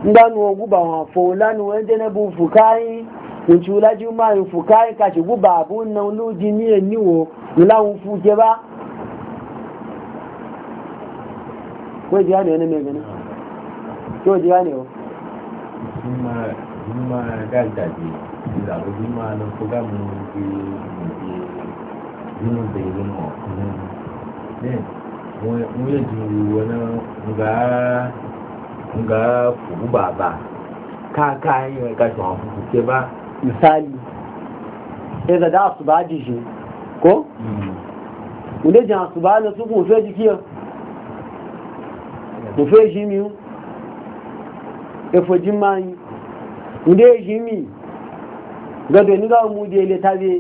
ndanu wa guba wa fulani wa jana bu fukayi kun wula juma yin fukayi kashi guba abun nan lujin ni ya niwo wula hun fuke ba ko ji gane wani mai ganin ko ji gane wa ma gàdàdì ìlàwọ̀ yìí máa lọ fọ́gámù bí ìdí nínú bèèrè mọ̀ bẹ́ẹ̀ wọ́n yóò di ìwọ náà nga nga fòwú bàbà káàká yìí wọ́n kàtó àwọn fòfò tẹ́ bá. misali ẹ̀ka dá àsùbá jìjì kó? òde jẹ́ àsùbá lọ sókùn òfé jìkì yẹn. mo fẹ́ yí mi ẹ̀fọ́jí máa yí ndé yí mi gọ́dọ̀ nígbà mú di ilé tàbí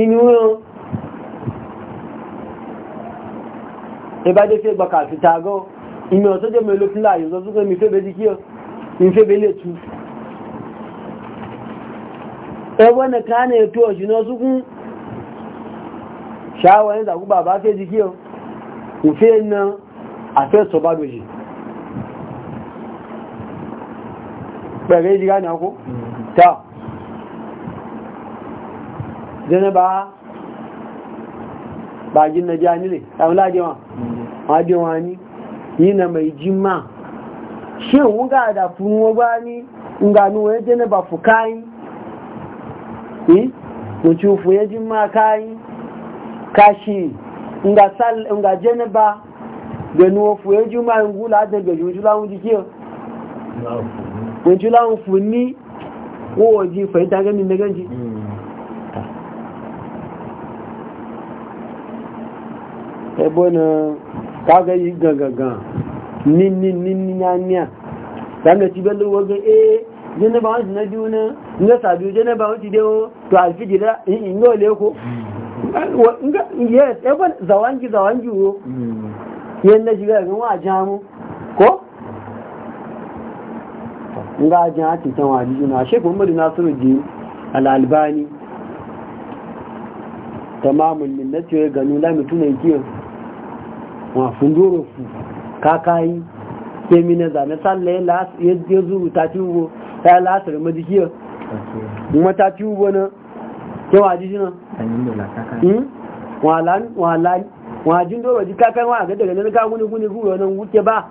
inú rán ìbádé fẹ́ gbà kàfí tààgọ́ ìmọ̀ tó jẹ́ mẹ́lò fúnlá yóò sọ́tún mi fẹ́ bẹ́ẹ̀ kí ọ mi fẹ́ lè tú ẹwọ́n nìkan á ní ètò ọ̀ṣìnà sókún ṣáwọ̀ ẹ̀ bàbá fẹ́ di kí ọ kò fẹ́ náà àfẹ́ sọba lójì pẹ̀rẹ̀ ìjìgá ní ọkú tà jẹ́nẹ́bà ba, jí na jẹ́ anílẹ̀ àwọn láàdíwọ̀n àdíwọ̀n ni yìí na mai jí máa ṣe òun gáàdà fún wọn bá ní ìgbànú wọ́n jẹ́nẹ́bà fún káyín mo ti fún yẹ́ jí Nga káyín nga ìgbà ba. gbẹ̀nu ọ̀fọ̀ ẹjú máa ń gú látẹ̀gbẹ̀jú ojú jí kí ọ ojú láwọn ní wọ́wọ́ jí fẹ̀yìntagẹ́ ní mẹ́gẹ́jì ẹgbọ́ na káàkẹ́ yìí gangan ní ní ní ní níà dáná ti bẹ́ lówó gẹ́ ee jẹ́nẹ́bà wọ́n ti nájú náà ní sàbí jẹ́nẹ́bà wọ́n ti dé wọ́n tó àfíjì rẹ̀ ìyìn yóò lé yadda shiga ga wa jamu ko ga jan hatin tan waji juna shek muhammadu nasiru ji al'albani ta na minnati ya gano la mutuna yake wa fundoro su kakayi ke mina zane salle la ya zuru ta tubo ta lasar madikiya kuma ta tubo na ke waji juna hmm? wa lan wa lan wajin doro ji kakan wa ga daga nan ka guni guni guro nan wuce ba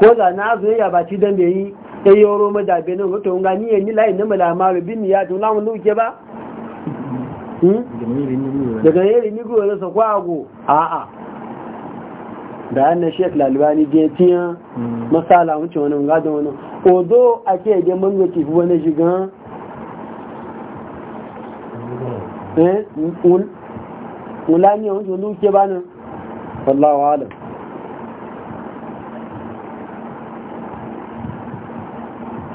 ko da na zo ya ba ci dan da yi ta yoro ma da be nan wato nga ni yin layin na malamaru bin ya to lamun wuce ba hmm? daga yeri ni guro sa kwago a a da annan shek lalbani je tiya hmm. masala wuce wani ga da wani odo ake ga mun ga kifi wani shigan eh wulani wanda luke ba nan wallahu alam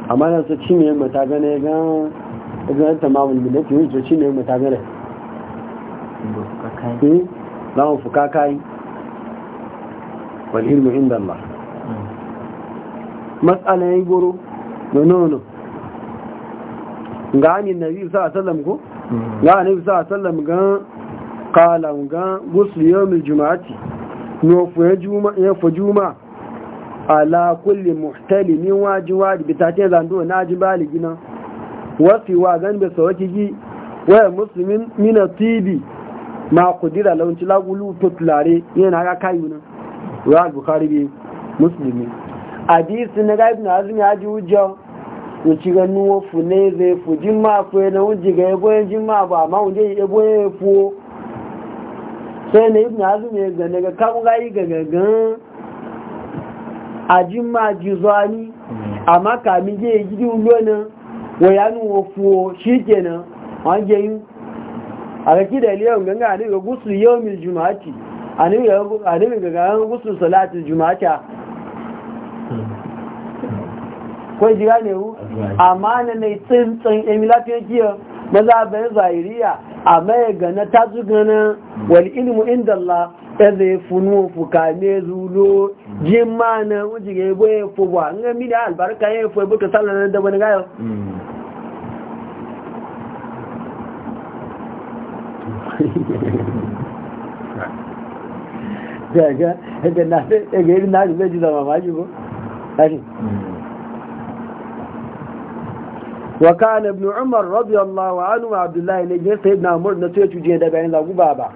amma na su cinye yin matagane gan ganin tamamin da yin su cinye yin matagane za mu fuka kayi hmm? wal ilmi inda Allah hmm. matsala ya yi goro no no no ga hannun nabi sallallahu alaihi wasallam ko hmm. ga hannun sallallahu alaihi gan kala nga gusli yawmil juma'ati ya fa juma ala kulli muhtalimin waji waji bitatin zando na ji baligi wasi wa gan be gi wee muslimin min atibi ma qudira law ci lagulu to tulare yana ga kayu nan wa bukhari bi muslimi sai na ibn azumi ya gane ga kan gayi ga gagan ajin ma ji zuwa ni amma kamin je ya gidi ulonin wayanin wafuwo shi kenan wange yi a kaki da liyan ganga a daga gusu yau mil juma'ati a daga gagayen gusu salatin juma'ata kwan jira ne hu amma na na tsintsin emilafiyar kiyar maza bayan zahiriya amma ya na ta zu gana wani ilimu inda Allah ya zai funu fuka ne zulo jin ma na wuce ga yabo ya fi ba an gami da albarka ya fi buka sallar da wani gayo hmm. ga ga ga na ga na ga ji da mamaki ko وكان ابن عمر رضي الله عنه وعبد الله بن نجي سيدنا عمر نتيجه جيدا بين لا بابا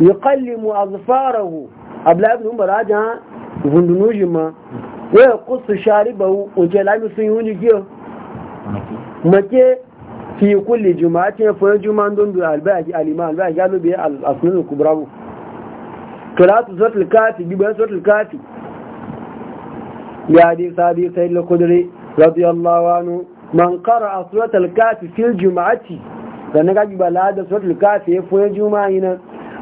يقلم اظفاره ابلا ابن عمر اجا غندنوجي ما ويقص شاربه وجلامي سيوني جيو مكي في كل جمعة في جمعة دون الباقي الإمام الباقي قالوا بي الأسنان الكبرى قراءة سورة الكافي جيبها سورة الكاتي يا دي صادي سيد القدري رضي الله عنه man a suratul kafi fil juma'ati da na gaji bala da suratul kafi ya fuye juma'i nan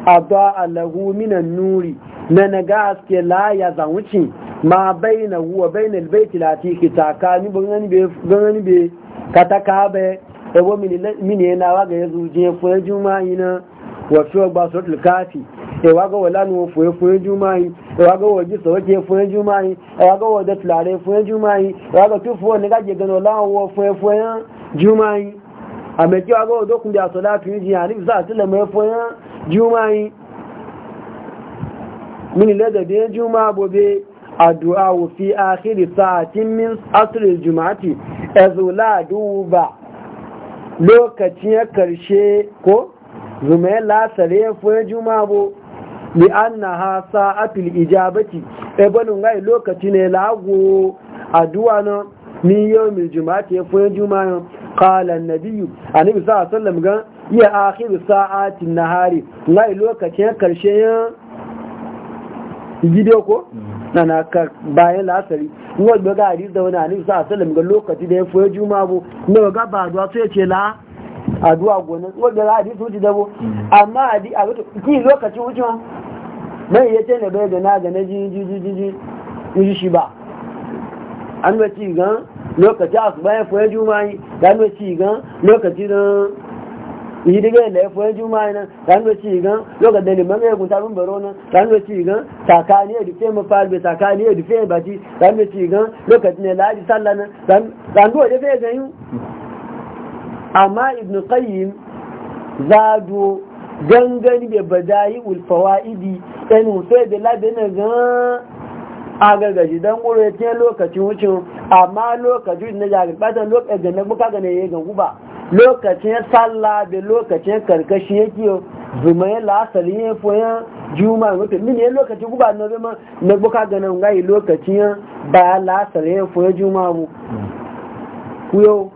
adaa lahu minan nuri na naga aske la ya zawuci ma baina huwa baina albayti lati kitaka ni bangani be bangani be kataka be ebo min min yana wa ga yazo je fuye juma'i nan wafi ọgbà sọ́tù káàfì ẹwàgọ́wọ̀ lánàá fòye fún ẹjú máa yìí ẹwàgọ́wọ̀ ojú sọ̀rọ̀kẹ́ fún ẹjú máa yìí ẹwàgọ́wọ̀ ọdẹ tùlàrẹ fún ẹjú máa yìí ẹwàgọ́ tó fún ọ̀nà gájẹ̀ gan láwọ̀ fún ẹfún ẹyán jú máa yìí àmẹ́kí ọgọ́wọ̀ dókun bí àsọ̀lá fi ń jiyàn àríbísà sílẹ̀ mọ́ ẹfún ẹyán jú máa yìí mini lẹ́dẹ̀ bí ẹjú máa bobe àdúrà òfi àkírí sáàtì min asiri jùmátì ẹ̀zùlá e lokacin lókàtí karshe ko zumayen lasare fuye juma bu li ha sa'atul ijabati e banu ngai lokaci ne lagu addu'a na ni yawmil juma'ati fuye juma qala an-nabiy annabi sallallahu alaihi wasallam ga ya akhiru sa'atin nahari ngai lokacin karshe ya gidiyo ko na ka bayan lasari wanda ga hadisi da wani anisa sallallahu alaihi ga lokaci da ya fuye juma bu ne ga ba duwa sai ce la aduwa gonan tsohon da a ji su dabo amma a ji a wato ki lokacin wucin mai ce ne bai da na ga na ji ji ji ji ji shi ba an ga ci gan lokaci a su bayan fuyen juma'i da an ga ci gan lokaci don yi daga yadda ya fuyen juma'i nan da an ga ci gan lokacin da liman ya kunta bin baro nan da an ga ci gan takani ya dufe mafal bai takani ya dufe bati da an ga ci gan lokacin da ladi sallah nan da an ga wajen fai ganyu amma ibn qayyim zado gangan da badayi ulfawa'idi yan hufe da labina gan agagaji don wuri ya tiyan lokacin wucin amma lokacin na jagagbatar lokacin eh, da na buka gane ya gangu ba lokacin salla da lokacin karkashi yake zuma ya lasari ya foyan juma mutum min ya lokacin guba na zama na buka gane ngayi lokacin ba lasari ya foyan juma mu mm. kuyo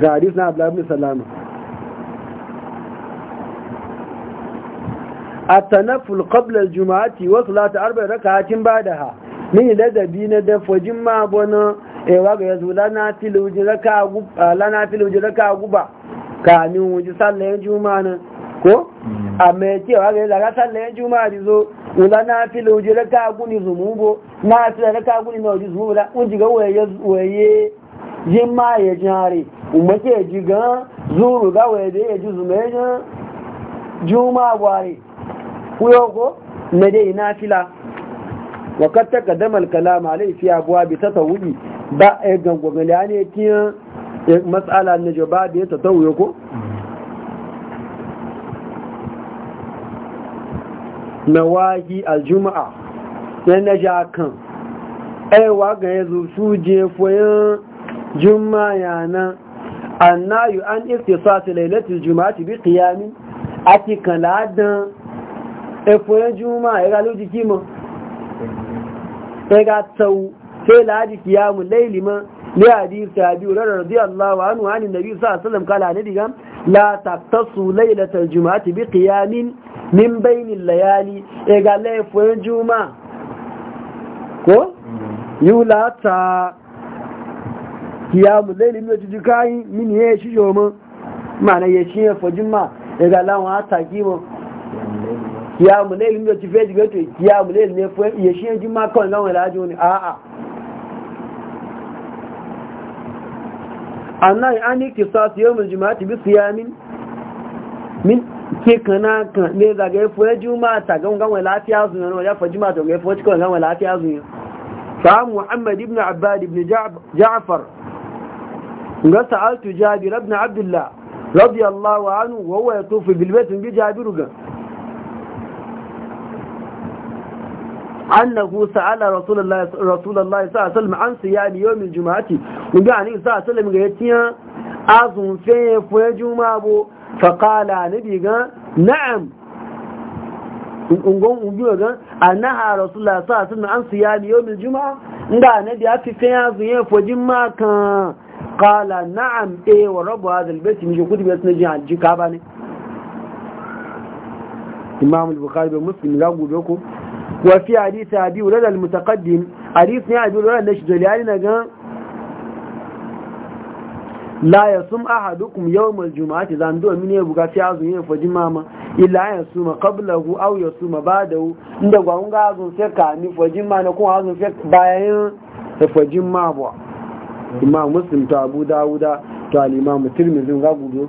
ga hadis na abdullahi ibn salama at-tanafful qabla al-jum'ati wa salatu arba'i rak'atin ha min ladabi na dafajin ma bona e eh, wa ga yanzu lana tiluji raka ah, raka guba ka ni wuji sallan juma'a nan ko mm. amma mai cewa ga a sallan juma'a zo wula na tiluji raka guni zumubo na tiluji raka guni na wuji zumubo da wuji ga waye yin ma ya jihari. umake ya ji gan zuru wa ya ya ji zume ya juma gware kuyo ko na dai na fila wakar ta kaddama alkalama alai fi abuwa bi ta tawuyi ba a yi eh, gangwagali an yi kiyan eh, matsala na jaba da ya ta tawuyo ko Juma'a aljuma'a na ja kan aiwa eh, ga ya zo su jefoyin juma'a yana. annayu an iftisas lailatul jumu'ati bi qiyamin ati kaladan fo juma e ga loji kimo e ga tau sai ladi kiyamu laili ma li hadith abi hurairah radiyallahu anhu an nabi sallallahu alaihi wasallam kala la taqtasu lailatul jumu'ati bi qiyamin min bainil layali e ga fo juma ko ta kiyamu laili mi ojuju kayi mini ye shi yomo mana ye shi ye fojima daga lawon ataki mo kiyamu laili mi ojuju feji goto kiyamu laili ne fo ye shi ye jima kan lawon lajo ni a a annahi an yi kisas yawon jima'ati bi siyamin min ke kana kan ne zaga ya fuwa juma'a ga gangan lafiya zuwa ne wajen fa juma'a ga fuwa cikin gangan lafiya zuwa fa muhammad ibn abbad ibn ja'far ga sa'altu jabir ibn abdullah radiyallahu anhu wa huwa yatufu bil bayt bi jabir ga annahu sa'ala rasulullah rasulullah sallallahu alaihi wasallam an siyami yawm al jumu'ati ga ani sallallahu alaihi wasallam ga yatiya azun fe fe juma'a bo fa qala nabi ga na'am ungon ungiyo ga annaha rasulullah sallallahu alaihi wasallam an siyami yawm al jumu'a nabi afi fe azun ye ma kan qala na'am eh wa rabu hadha albayt miji kudi bai sunaji hajji ka bane imam al-bukhari da muslim ga gobe ko wa fi hadith abi ulad al-mutaqaddim hadith ne abi ulad nashi jalali na ga la yasum ahadukum yawm al-jum'ati zan do ya buga fi azun yin faji mama illa yasuma qablahu aw yasuma ba'dahu inda gwa unga azun sai ka ni faji mama ko azun sai bayan faji ba." imam muslim to abu dawuda to al'imamu tirmidhi hmm. ga gudu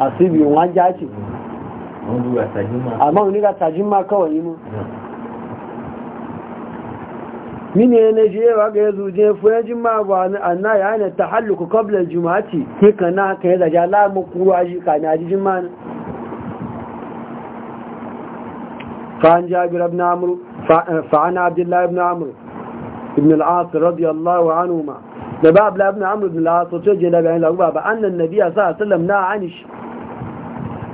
asibi wọn já ṣe wani oníga tajima kawai yi mu mini yana shi yawa ga yanzu je fuyen jima ba na yana ta halluku koblar jima'ati kika na kan yi zaja lamun kuwa shi ka na ji jima na فعن جابر بن عمرو فعن عبد الله بن عمرو بن العاص رضي الله عنهما نبا عبد الله بن عمرو بن العاص وتجي لبعين له بابا أن النبي صلى الله عليه وسلم نهى عن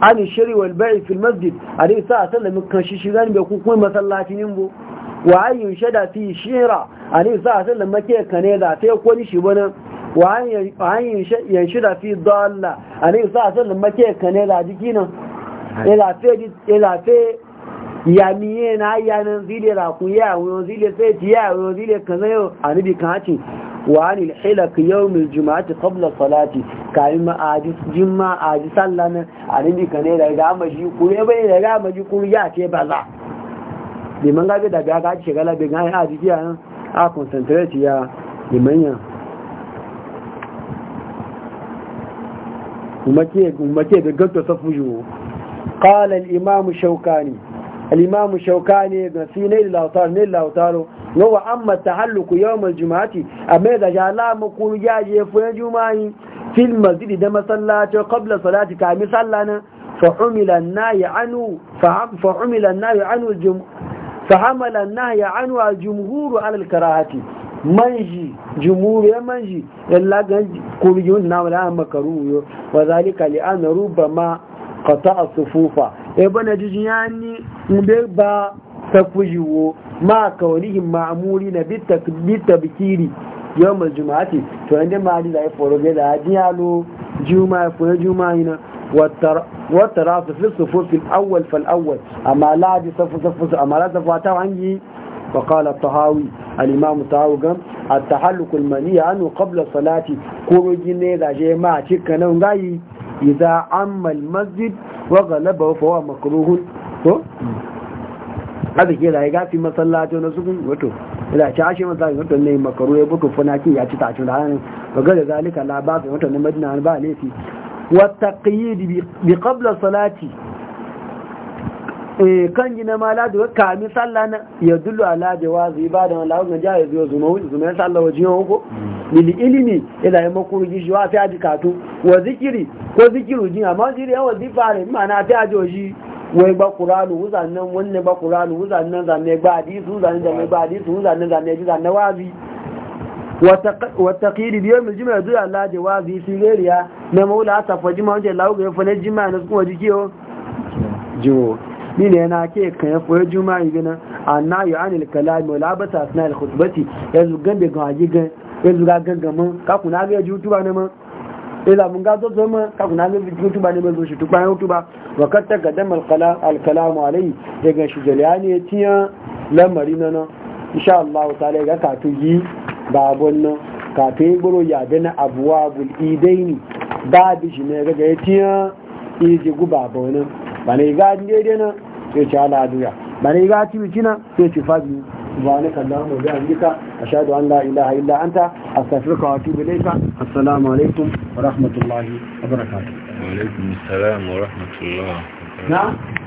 عن الشري والبيع في المسجد عليه الصلاة والسلام كان شيشغان بيكون كون مسلاتي نمبو وعن ينشد في شهرة عليه الصلاة والسلام ما كي كان يذا تيكون شبنا وعن ينشد في ضالة عليه الصلاة والسلام ما كي كان يذا ديكينا إلا في إلا في yami ye yana yanan zile ra ku ya wo zile sai ti ya wo zile kan zai anibi kan hacin wa anil hilak al jumaat qabla salati kai ma aji juma aji sallah nan anibi kan ne daga maji ku ne bai daga maji ku ya ce ba za bi man ga da ga ga ce gala bi ga aji kiya nan a concentrate ya bi limanya kuma ke kuma ke da gato safuju qala al imam shawkani الإمام الشوكاني في نيل الأوتار الله الأوتار هو أما التحلق يوم الجمعة أما إذا جاء الله مقول جاجي في الجمعة في المسجد دم صلاة قبل صلاة كامل صلانا فحمل النهي عنه فحمل النهي عنه الجم فحمل النهي عنه الجمهور على الكراهة منجي جمهور ya manji illa ga kurjun na wala makaru wa zalika li kata a sufufa e bana jijin ya ni mbe ba ta kujiwo ma kaunihim ma'amuri na bitta bikiri yau mai juma'ati to yadda ma ji zai foro bai da ajiya lo juma'a fure juma'a yana wata su fi sufufin awwal fal awwal amma ladi safu safu amma la safu ta hangi وقال الطهاوي الإمام الطهاوي قام التحلق المنيع عنه قبل الصلاة كورو جيني دا cika تشكنا gayi idza عم المسجد wa فهو مكروه هذا makruhun to haka ke da ya gafi masallaci na sukun wato da مكروه ashe فناكي wato ne makaru ya buka funaki ya ci tacin da hannun baga da zalika la ba kan gina ma la da kamin sallah na ya dullu ala jawazi ibadan Allah ga jaye zuwa zuma zuma sallah ko lil ilimi ila ya makuru ji shiwa fi aji katu wa zikiri ko zikiru jin amma zikiri yawan zifa ne ma'ana fi aji oji wai ba kuranu wuzannan wanne ba kuranu wuzannan zanne ba hadisu zanne zanne ba hadisu wuzannan zanne ji zanne wazi watakiri biyar mil jima zuwa Allah da wazi sirariya na maula ta fa jima wajen lawo ga fa jima na kuma jikiyo jiwo ni ne yana ke kan fa juma yi gina anna yu anil kalam wala bata asna al khutbati yanzu gambe ga ji gan yanzu ga gaggamin kakuna ga yaji hutuba ne ma ila mun ga zozo ma kakuna ga yaji hutuba ne ma zo shi tukpa hutuba wa katta gadam alkalamu alai daga shi jaliyani ya tiya lamari na nan insha Allah ta'ala ga katu yi babon nan katu yi goro ya dana abuwa bul'idaini babu shi ne ga ya tiya iji guba bonin ba ne ga daidai nan sai ci ala duya ba ne ga ci bikina ce ci fadi سبحانك اللهم وبحمدك أشهد أن لا إله إلا أنت أستغفرك وأتوب إليك السلام عليكم ورحمة الله وبركاته وعليكم السلام ورحمة الله نعم